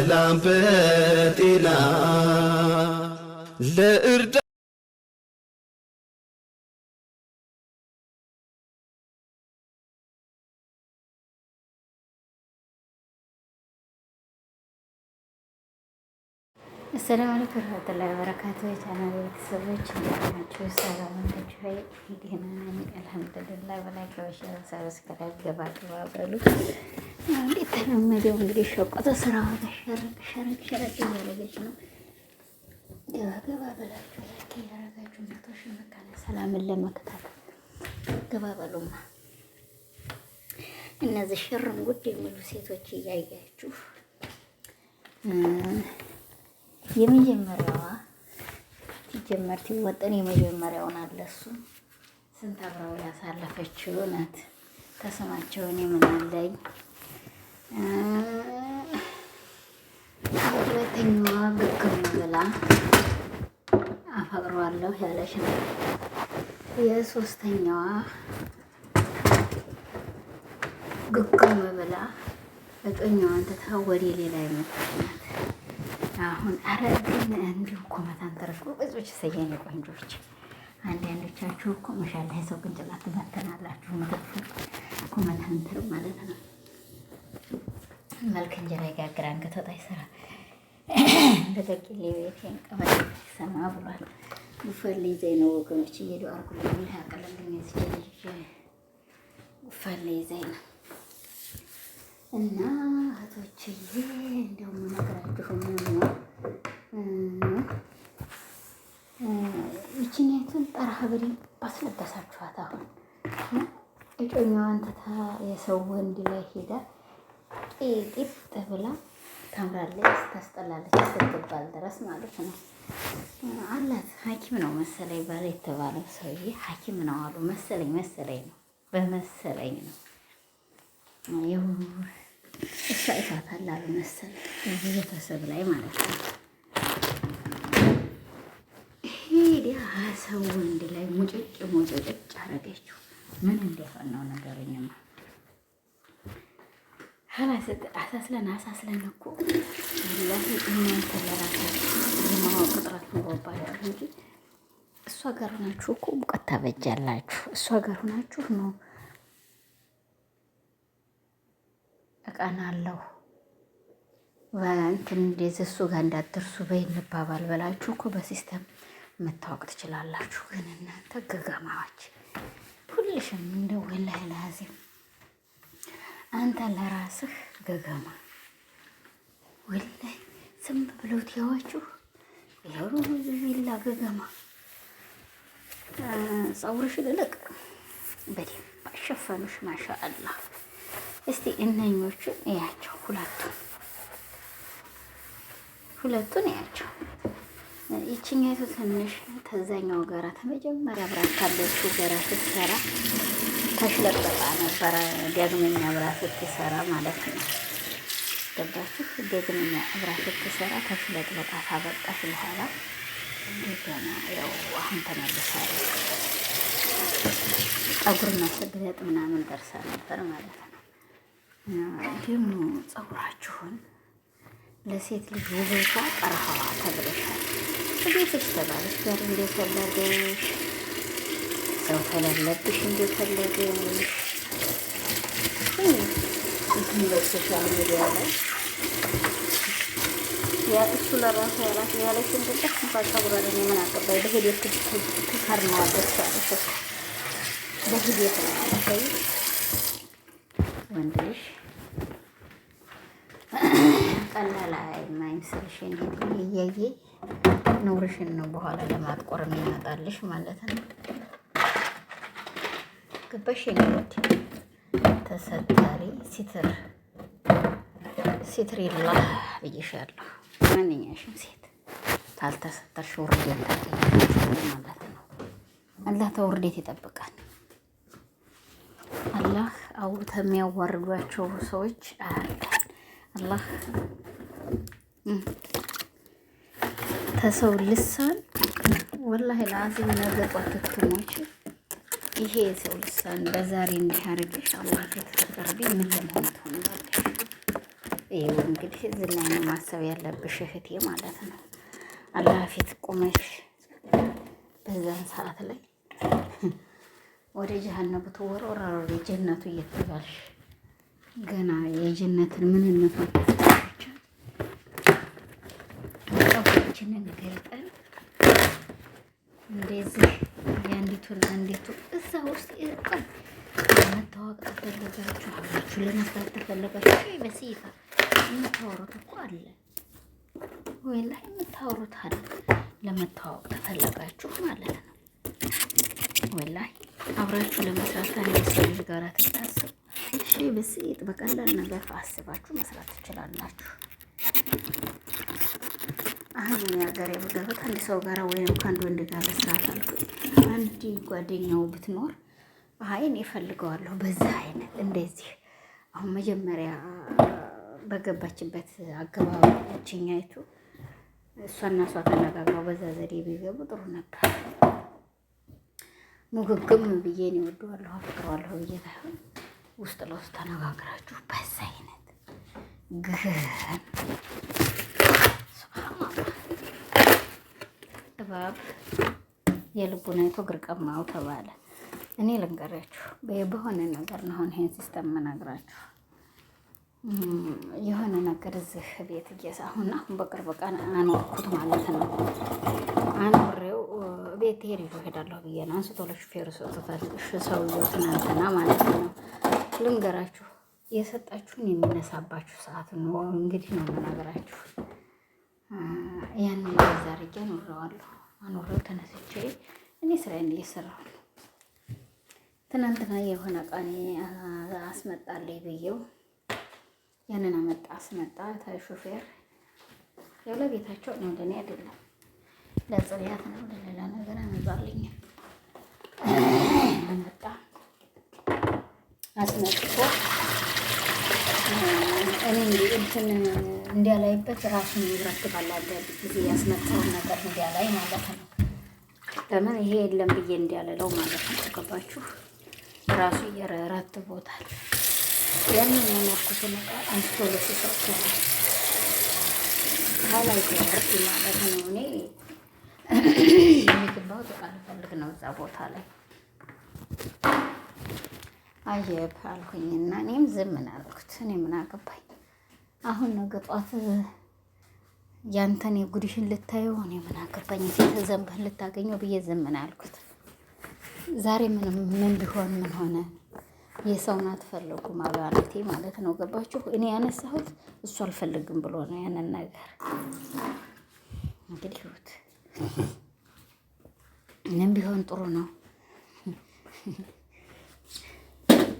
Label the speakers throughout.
Speaker 1: በሰላም በጤና ለእርዳ ሰላም አለይኩም ወራህመቱላሂ ወበረካቱ። የቻናል ቤተሰቦች እንዴት ናችሁ? ሰላም ናችሁ? አይ ደህና ነኝ አልሐምዱሊላህ። በላይክ በሸር ሰብስክራይብ ገባ ገባ በሉ። እንዴት እንግዲህ ሸቆጠ ስራው ሸር ሸር ሸር እያደረገች ነው። ገባ ገባ በላችሁ ላይክ እያደረጋችሁ እናቶች መካነ ሰላምን ለመከታተል ገባ በሉማ። እነዚህ ሽርም ጉድ የሚሉ ሴቶች እያያችሁ የመጀመሪያዋ ሲጀመር ሲወጠን የመጀመሪያውን አለሱ ስንት አብረው ያሳለፈችው ናት። ተስማቸውን የምናለኝ ሁለተኛዋ ብክም ብላ አፈቅረዋለሁ ያለች ነው። የሶስተኛዋ ግግም ብላ እጮኛዋን ትታ ወደ ሌላ የመጣች ናት። አሁን አረ ግን እንዲሁ እኮ መታን መታንተረሽ ጎበዞች ሰየን ቆንጆች፣ አንዳንዶቻችሁ እኮ መሻል ላይ ሰው ቅንጭላት ትበተናላችሁ። ምግብ እኮ መታንተር ማለት ነው። መልክ እንጀራ ይጋግራን አንገት ወጣ ይሰራ በተቂሌ ቤት ንቀመጥ ሰማ ብሏል። ጉፈሌ ይዘኝ ነው ወገኖች፣ እየዱ አርጉ ያቀለልኝ ስጀ ጉፈሌ ይዘኝ ነው እና እህቶችዬ እንደው የምነግራችሁ ጠራህ ብሪ ባስለበሳችኋት። አሁን እጮኛዋን ትታ የሰው ወንድ ላይ ሄዳ ብላ ታምራለች፣ ታስጠላለች ስትባል ድረስ ማለት ነው አላት። ሐኪም ነው መሰለኝ ባለ የተባለው ሰውዬ ሐኪም ነው አሉ መሰለኝ መሰለኝ ነው በመሰለኝ ነው እሷ ይፋታል አሉ መሰል ቤተሰብ ላይ ማለት ነው። ሄዲያ ሰው ወንድ ላይ ሙጭጭ ሙጭጭ አረገችው። ምን እንደሆነ ነው ነገርኝማ። አሳስለን አሳስለን እኮ ወላሂ እናንተ ለራሳችሁ የማወቅ ጥረት ኖሮባችሁ እንጂ እሷ ጋር ሁናችሁ እኮ ሙቀት ታበጃላችሁ። እሷ ጋር ሁናችሁ ነው እቀናለሁ። እንትን እንደዚህ እሱ ጋር እንዳትደርሱ በይ እንባባል በላችሁ እኮ በሲስተም መታወቅ ትችላላችሁ። ግን እናንተ ገገማዎች ሁልሽም እንደ ወላሂ ላዚም አንተ ለራስህ ገገማ ወላሂ ዝም ብለው ትያዋችሁ ይኸው ገገማ ፀጉርሽ ልልቅ በደንብ አሸፈኑሽ ማሻአላህ እስቲ እነኞቹን እያቸው፣ ሁለቱ ሁለቱን እያቸው። ይችኛይቱ ትንሽ ከዛኛው ጋራ ተመጀመሪያ ብራት ካለችው ጋራ ስትሰራ ተሽለጠጣ ነበረ። ደግመኛ ብራ ስትሰራ ማለት ነው። ገባችሁ? ደግመኛ ብራ ስትሰራ ተሽለጥለጣ ታበቃሽ በኋላ እንደገና ያው አሁን ተመልሳለች። ጠጉር ማሰግለጥ ምናምን ደርሳ ነበር ማለት ነው። ደግሞ ፀጉራችሁን ለሴት ልጅ ውበቷ ጠርሃዋ ተብለሻል። እቤትሽ ተባለሽ ጋር እንደፈለገሽ ሰው ተለለብሽ እንደፈለገሽ እዚህ በሶሻል ሚዲያ ላይ ያ እሱ ለራሱ ያላት ያለች እንድጠፍ እንኳን ፀጉር አለ ምን አገባኝ በሂደት ትከርመዋለች አለች። በሂደት ነው ወንድ ልጅ ቀላል አይመስልሽ እያየ ኑርሽን ነው በኋላ ለማጥቆር የሚመጣልሽ ማለት ነው። ገባሽ? የኔወድ ተሰታሪ ሲትር ሲትር ይላ ብዬሻለሁ። ማንኛሽም ሴት ካልተሰተርሽ ውርዴት ታገኛለሽ ማለት ነው። አላህ ተውርዴት ይጠብቃል። አላህ አው ከሚያዋርዷቸው ሰዎች አያለን። አላህ ተሰው ልሳን ወላሂ ለአዚም ነገጧ ትትሞች ይሄ የሰው ልሳን በዛሬ እንዲያደርግሽ አላህ ከተፈቀርቢ ምን ለመሆን ትሆንባለሽ? ይኸው እንግዲህ እዚህ ላይ ነው ማሰብ ያለብሽ እህቴ ማለት ነው። አላህ ፊት ቁመሽ በዛን ሰዓት ላይ ወደ ጀሃነቡ ትወረወራለሽ፣ ጀነቱ እየተባልሽ ገና የጀነትን ምንነቱ ይሄንን ገልጠን እንደዚህ የአንዲቱ ለአንዲቱ እዛ ውስጥ ይርቀን መታወቅ ተፈለጋችሁ አብራችሁ ለመስራት ተፈለጋችሁ ይ የምታወሩት እኮ አለ ወይ ላይ የምታወሩት አለ። ለመታወቅ ተፈለጋችሁ ማለት ነው። ወላሂ አብራችሁ ለመስራት አንድ ሰው ጋር ትታስብ እሺ፣ በስይት በቀላል ነገር አስባችሁ መስራት ትችላላችሁ። አሁን እኔ ሀገር የምገበት አንድ ሰው ጋር ወይም ከአንድ ወንድ ጋር ለስራት አልኩኝ። አንድ ጓደኛው ብትኖር አይን እፈልገዋለሁ። በዛ አይነት እንደዚህ አሁን መጀመሪያ በገባችበት አገባባችን አይቱ እሷና እሷ ተነጋግረው በዛ ዘዴ ቢገቡ ጥሩ ነበር። ሙግግም ብዬ እኔ ወደዋለሁ አፍቅረዋለሁ ብዬ ሳይሆን ውስጥ ለውስጥ ተነጋግራችሁ በዛ አይነት ግን እባብ የልቡን ይቶ እግር ቀማው ተባለ። እኔ ልንገራችሁ በሆነ ነገር ነው። አሁን ይሄን ሲስተም መናግራችሁ የሆነ ነገር እዚህ ቤት እየሳ አሁን አሁን በቅርብ ቀን አኖርኩት ማለት ነው። አኖሬው ቤት ትሄድ ይዞ እሄዳለሁ ብዬ ነው አንስቶ ለሹፌሩ ሰጥቶታል። ሰውዬው ትናንትና ማለት ነው። ልንገራችሁ የሰጣችሁን የሚነሳባችሁ ሰዓት ነው እንግዲህ ነው የምነግራችሁ። ያንን ዛርጌ አኖረዋለሁ አኖረው ተነስቼ እኔ ስራዬን እየሰራሁ ነው። ትናንትና የሆነ ቃኔ አስመጣልኝ ብዬው ያንን አመጣ አስመጣ ሾፌር ያው ለቤታቸው ነው፣ ለእኔ አይደለም፣ ለጽሪያት ነው፣ ለሌላ ነገር አመጣልኝ አመጣ አስመጥቶ እኔ እንትን እንዲያላይበት ራሱን ይረግባል። አንዳንድ ጊዜ ያስመጣውን ነገር እንዲያላይ ማለት ነው። ለምን ይሄ የለም ብዬ እንዲያለለው ማለት ነው። ገባችሁ? ራሱ እየረትቦታል። ያንን ያመርኩት ነገር አንስቶ ለተሰጡ ከላይ ሲያርግ ማለት ነው። እኔ የሚግባው አልፈልግ ነው እዛ ቦታ ላይ አየብ አልኩኝ እና እኔም ዝም ምን አልኩት። እኔ ምን አገባኝ አሁን ነገ ጧት ያንተን የጉድሽን ልታየው እኔ ምን አገባኝ ዘንብህን ልታገኘው ብዬ ዝም ምን አልኩት። ዛሬ ምንም ምን ቢሆን ምን ሆነ የሰውን አትፈልጉ ማለቴ ማለት ነው። ገባችሁ? እኔ ያነሳሁት እሱ አልፈልግም ብሎ ነው ያንን ነገር እንግዲህ ምን ቢሆን ጥሩ ነው።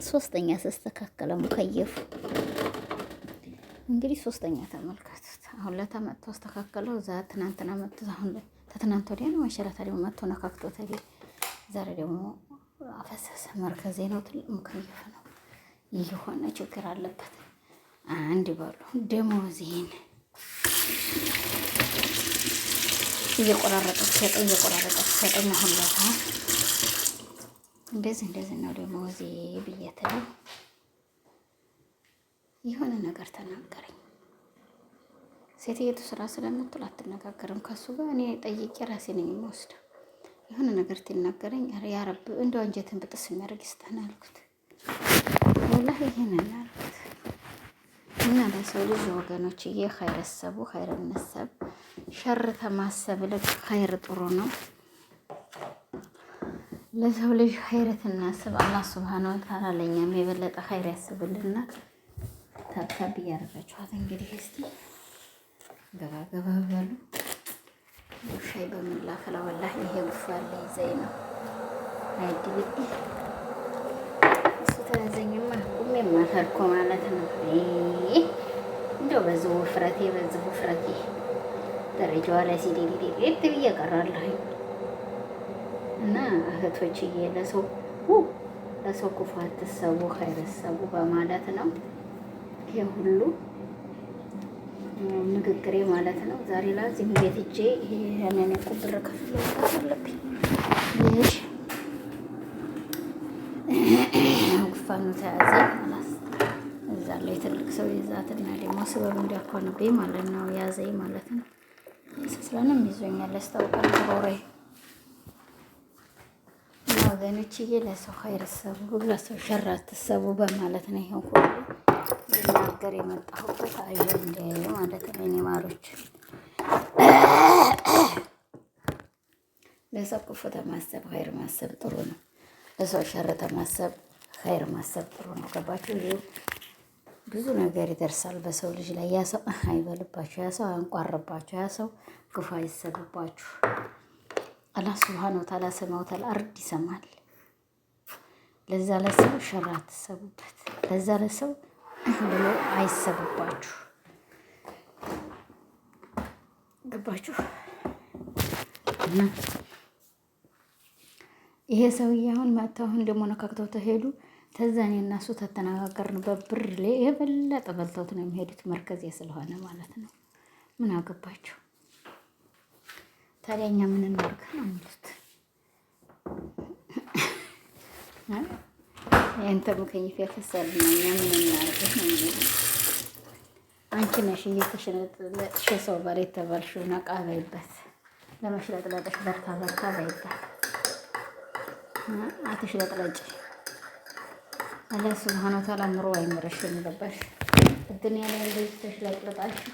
Speaker 1: ሶስተኛ ተስተካከለ ሙከየፉ እንግዲህ ሶስተኛ ተመልከቱት። አሁን ለታ መጥቶ አስተካከለው። እዛ ትናንትና መጥቶ አሁን ተትናንት ወዲያ ነው መሸረታ ደግሞ መጥቶ ነካክቶ ተቤ ዛሬ ደግሞ አፈሰሰ። መርከዜ ነው ትልቅ ሙከየፍ ነው። የሆነ ችግር አለበት። አንድ በሉ ደሞዜን እየቆራረጠ ሰጠ እየቆራረጠ ሰጠ አሁን ለታ እንደዚህ እንደዚህ ነው ደሞዜ ብየትለው የሆነ ነገር ተናገረኝ። ሴትየቱ ስራ ስለምትል አትነጋገርም ከሱ ጋር። እኔ ጠይቄ ራሴ ነኝ የምወስደው። የሆነ ነገር ትናገረኝ። ያረብ እንደ አንጀትን ብጥስ የሚያደርግ ይስጠን አልኩት። ወላሂ ይህንን አልኩት እና ለሰው ልጅ ወገኖች ዬ ኸይረ ሰቡ ሸር ተማሰብ ልቅ ኸይር ጥሩ ነው። ለሰው ልጅ ኸይረት እናስብ። አላህ ስብሓን ወተዓላ ለእኛም የበለጠ ኸይር ያስብልና። ታብታብ እያደረጋችኋት እንግዲህ እስቲ ገባ ገባ በሉ። ሻይ በምላፈላ ወላ ይሄ ጉፋለ ይዘይ ነው አይድብድ እሱ ተያዘኝማ ቁሜ ማተርኮ ማለት ነው። እንደው በዚህ ውፍረቴ በዚህ ውፍረቴ ደረጃዋ ላይ ሲዴዴዴት ብዬ ቀራለሁ። እና እህቶችዬ ለሰው ለሰው ክፉ አትሰቡ ከይረሰቡ በማለት ነው ይሄ ሁሉ ንግግሬ ማለት ነው። ዛሬ ላዚህ ቤት እጄ ይሄንን ቁብር ከፍሎ አለብኝ። ጉፋኑ ተያዘ እዛ ላይ ትልቅ ሰው ይዛትና ደግሞ ስበብ እንዲያኳንብኝ ማለት ነው። ያዘኝ ማለት ነው። ስስለንም ይዞኛል ያስታውቃል ሮሬ ወገኖችዬ ለሰው ኸይር ሰቡ ለሰው ሸር አትሰቡ በማለት ነው ይሄን ሁሉ ልናገር የመጣሁበት አጀንዳ ማለት ነው። እኔ ማሮች ለሰው ክፉ ተማሰብ ኸይር ማሰብ ጥሩ ነው። ለሰው ሸር ተማሰብ ኸይር ማሰብ ጥሩ ነው። ገባችሁ? ይኸው ብዙ ነገር ይደርሳል በሰው ልጅ ላይ። ያ ሰው አይበልባችሁ፣ ያ ሰው አያንቋርባችሁ፣ ያ ሰው ክፉ አይሰብባችሁ። አላህ ስብሓን ወተዓላ ሰማውታል አርድ ይሰማል። ለዛ ለሰው ሸራ አትሰቡበት፣ ለዛ ለሰው ብሎ አይሰቡባችሁ። ገባችሁ? ይሄ ሰውዬ አሁን መጥተው አሁን ደግሞ ነካክተው ተሄዱ። ተዛኔ እናሱ ተተነጋገርንበት ብር ላይ የበለጠ በልተውት ነው የሚሄዱት መርከዜ ስለሆነ ማለት ነው። ምን አገባቸው? ታዲያ እኛ ምን እናድርግ ነው የሚሉት። ያንተም ከይፍ ያፈሳል ነው እኛ ምን እናድርግ ነው የሚሉት። አንቺ ነሽ እየተሽለጥለጥሽ ሰው ባል የተባልሽውን ዕቃ በይበት፣ ለመሽለጥለጥሽ በርታ በርታ በይበት፣ አትሽለጥለጭ። አላህ ስብሃነ ወተዓላ ምሮ አይምርሽ የሚለባሽ እድንያ ላይ እንደዚህ ተሽለጥለጣችሁ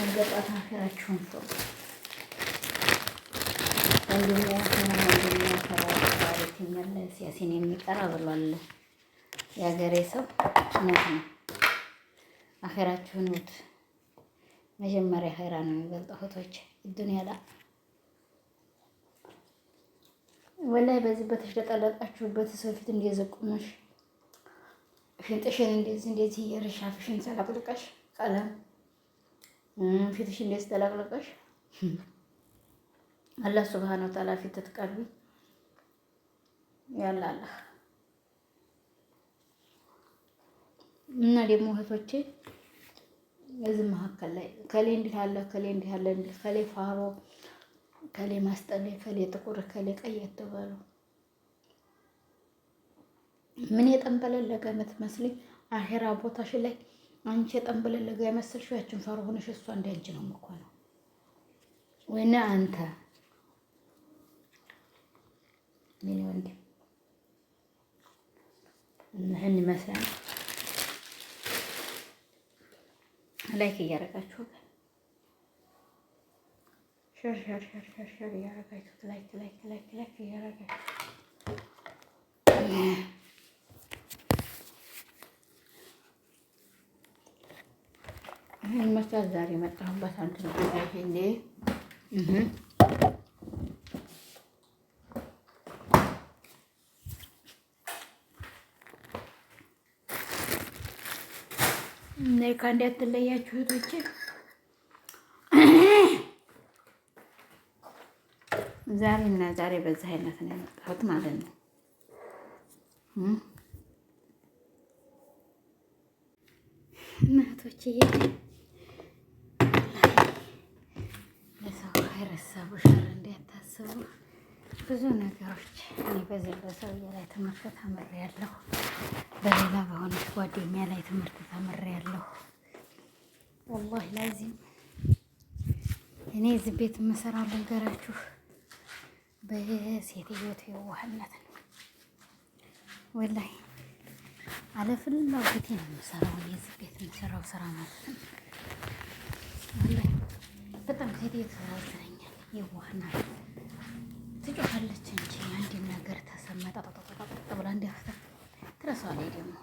Speaker 1: መገጣት አኺራችሁን ፍሩ። አንደኛ ያሲን የሚቀራ ብሏል የሀገሬ ሰው እውነት ነው። አኼራችሁን ውት መጀመሪያ ኸይራ ነው የሚበልጠው። እህቶች ዱንያ ላ ወላይ በዚህ በተሽለጠለጣችሁበት ሰው ፊት እንደዘቁመሽ ሽንጥሽን እንደዚህ እንደዚህ እየረሽ አፍሽን ሰላቅልቀሽ ቀለም ፊትሽ እንደዚህ ተላቅልቀሽ አላህ ስብሓን ወተዓላ ፊት ትቀርቢ ያላለ እና ደግሞ እህቶቼ እዚህ መካከል ላይ ከሌ እንዲህ አለ ከሌ እንዲህ አለ እንዲህ ከሌ ፋሮ ከሌ ማስጠለይ ከሌ ጥቁር ከሌ ቀይ አትበሉ። ምን የጠንበለለገ የምትመስልኝ አሄራ ቦታሽ ላይ አንቺ የጠንበለለገ የመሰልሽው ያችን ፋሮ ሆነሽ እሷ እንዲያንቺ ነው እኮ ነው ወይና አንተ የኔ ወንድም ይህን ይመስላል። ላይክ እያደረጋችሁ ሸር ሸር ሸር ሸር ሸር እያደረጋችሁ ላይክ ላይክ ላይክ ላይክ እያደረጋችሁ ይህን ይመስላል። ዛሬ መጣሁበት አንድ ነው ይሄ አሜሪካ እንዳትለያችሁ እህቶች ዛሬ እና ዛሬ በዛ አይነት ነው የመጣሁት ማለት ነው። እናቶቼ ለሰው ሸር ብዙ ነገሮች እኔ በዚህ በሰውዬ ላይ ትምህርት ተምሬያለሁ። በሌላ በሆነች ጓደኛ ላይ ትምህርት ተምሬያለሁ። ወላሂ ላዚም እኔ እዚህ ቤት የምሰራ ልንገራችሁ፣ በሴትዮቱ የዋህነት ነው። ወላሂ አለፍላጎቴ ነው የምሰራው እኔ እዚህ ቤት የምሰራው ስራ ማለት ነው። በጣም ሴትዮቱ ያሳዝነኛል፣ የዋህናት ትጮኻለች እንጂ አንድ ነገር ተሰማ ጠጠጠጠጠ ብላ እንዲያፍታ ትረሳዋለች። ደግሞ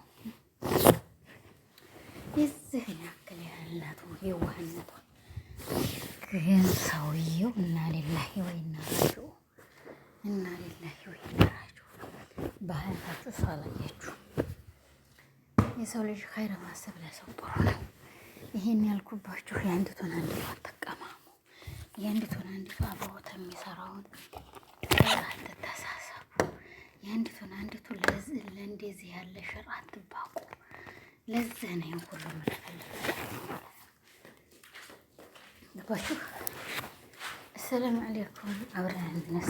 Speaker 1: የዚህን ያክል ያህልነቱ የዋህነቷ ግን ሰውየው እና ሌላሂ ወይና ራጅዑ እና ሌላሂ ወይና ራጅዑ ባህላችሁ እሷ የሰው ልጅ ኸይረ ማሰብ ለሰው ጥሩ ነው። ይሄን ያልኩባችሁ የአንዲቱን አንዲቷ አጠቀማሙ የአንዲቱን አንዲቷ አብሮት የሚሰራውን አትተሳሰቡ። የአንዲቱን አንዲቱ ለእንደዚህ ያለ ሽር አትባቁ። ለዚህ ነው ሁሉ ባችሁ። አሰላሙ አብረን ይህን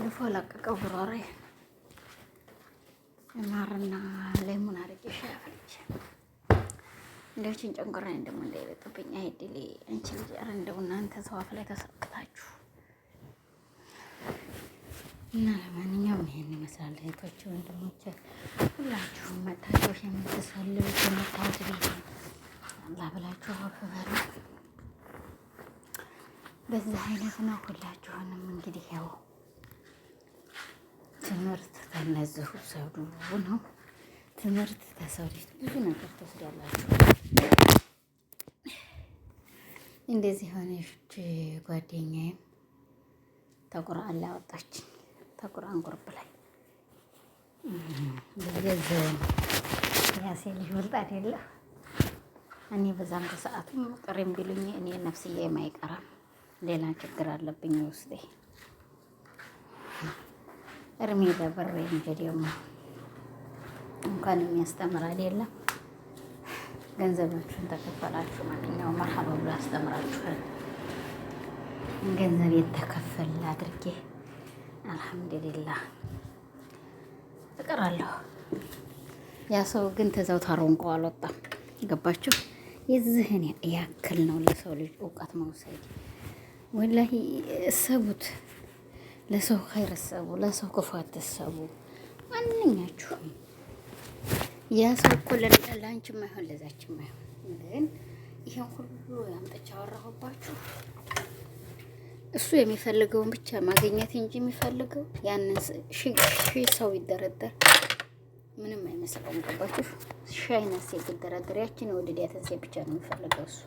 Speaker 1: ልፎ ላቀቀው ጉሮሮዬ ማርና ሌሙን አድርጌ ሻይ አፍልቼ እንዲያችን ጨንቆራኝ ደግሞ እንዳይበጥብኝ። አይድል አንቺ ልጅ፣ ኧረ እንደው እናንተ ሰው ላይ ተሰክታችሁ እና ለማንኛውም ይሄን ይመስላል እህቶቼ፣ ወንድሞቼ ሁላችሁም መታችሁ የምትሰልሉት የመታሁት ቤት አላህ ብላችሁ አፍ በዚህ አይነት ነው ሁላችሁንም እንግዲህ ያው ትምህርት ከነዚሁ ሰዱ ነው። ትምህርት ከሰው ልጅ ብዙ ነገር ትወስዳላችሁ። እንደዚህ የሆነች ጓደኛዬም ተቁርአን ላይ አወጣችኝ። ተቁርአን ቁርብ ላይ ብየዝ ያሴ ልጅ ወልጥ የለ እኔ በዛም ከሰዓቱም ቅር ቢሉኝ እኔ ነፍስዬ አይቀራም። ሌላ ችግር አለብኝ ውስጤ እርሜ ለብሬ እንግዲህ እንኳን የሚያስተምራል የለም ገንዘባችሁን ተከፈላችሁ ማንኛውም መርሃባ ብሎ አስተምራችኋል። ገንዘብ የተከፈል አድርጌ አልሐምዱሊላህ እቀራለሁ። ያ ሰው ግን ተዛው ታሮንቆ አልወጣም። ገባችሁ? የዚህን ያክል ነው ለሰው ልጅ እውቀት መውሰድ። ወላሂ እሰቡት። ለሰው ኸይር ለሰው ክፉ አትሰቡ። ማንኛችሁም ያ ሰው እኮ ለአንቺም ማይሆን ለዛች ማይሆን ግን ይሄን ሁሉ ያምጠቻ አወራሁባችሁ። እሱ የሚፈልገውን ብቻ ማግኘት እንጂ የሚፈልገው ያንን ሺ ሰው ይደረደር ምንም አይመስለውም። ገባችሁ? ሺህ ሴት ይደረደር፣ ያችን የወደዳትን ሴት ብቻ ነው የሚፈልገው እሱ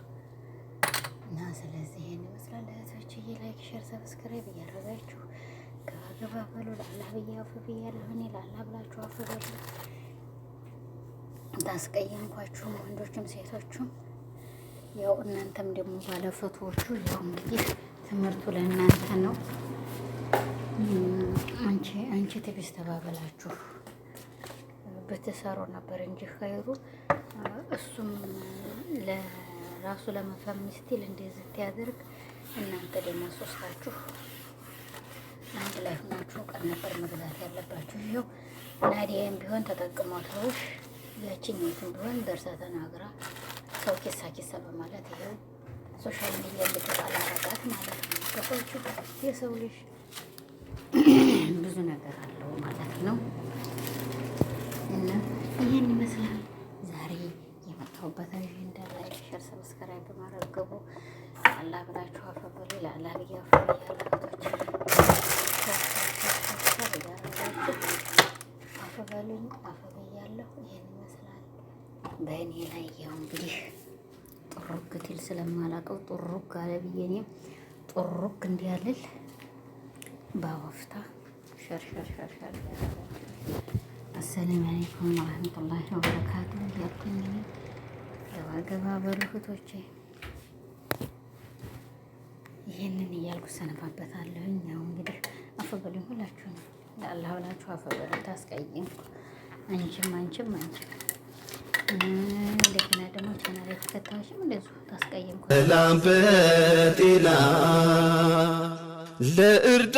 Speaker 1: እና ስለዚህ ይህን ይመስላል። እህቶችዬ ላይክ፣ ሸር፣ ሰብስክራይብ እያደረጋችሁ ተከፋፈሉ። ለአላህ ብዬ አፉ ብያለሁ። እኔ ለአላህ ብላችሁ አፉ በሉ። ታስቀየምኳችሁም ወንዶችም ሴቶችም ያው እናንተም ደግሞ ባለፈቶቹ ያው እንግዲህ ትምህርቱ ለእናንተ ነው። አንቺ አንቺ ትግስት ተባበላችሁ ብትሰሩ ነበር እንጂ ኸይሩ እሱም ለራሱ ለመፈም ስቲል እንደዚህ ያደርግ እናንተ ደግሞ ሶስታችሁ አንድ ላይ ሆናችሁ ቀን መግዛት ያለባችሁ። ይኸው ናዲያም ቢሆን ተጠቅሞታውሽ ያችኛቱም ቢሆን ደርሳ ተናግራ ሰው ኪሳ ኪሳ በማለት ይኸው ሶሻል ሚዲያ ልትጣል ማለት ነው። ከሰዎቹ የሰው ልጅ ስለማላውቀው ጡሩክ አለ ብዬ እኔም ጡሩክ እንዲያልል ባወፍታ ሸርሸርሸርሸር አለይኩም ወረህመቱላሂ ወበረካቱ እያልኩኝ ገባ ገባ በሉ እህቶቼ፣ ይህንን እያልኩ ሰነባበታለሁኝ። ያው እንግዲህ አፈበሉኝ ሁላችሁ ነው ለአላህ ብላችሁ አፈበሉ። ታስቀይም አንቺም አንቺም አንቺም እንደገና ደግሞ ቻናል የተከታዮችም እንደዚሁ ታስቀየምኩ ላምበጤላ ለእርዳ